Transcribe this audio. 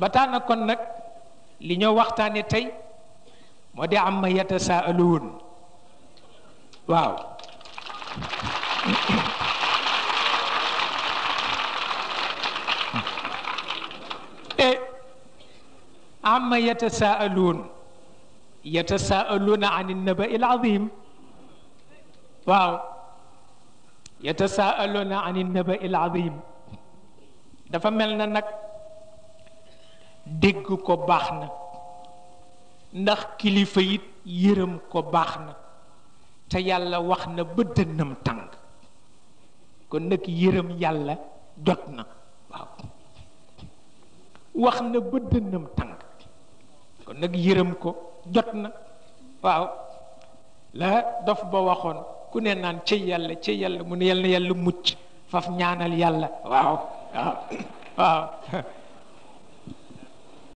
batana kon nak li ñoo waxtane tay modi am ma yatasaaluun waaw e am ma yatasaaluun yatasaaluuna an innaba il azim waaw yatasaaluuna an innaba il azim dafa melna nak dégg ko baax na ndax kilifa it yërëm ko baax na te yàlla wax na ba dënnam tàng kon nag yërëm yàlla jot na waaw wax na ba dënnam tàng kon nag yërëm ko jot na waaw la dof ba waxoon ku ne naan ci yàlla ci yàlla mu ne yàlla na yàlla mucc faf ñaanal yàlla waaw waaw waaw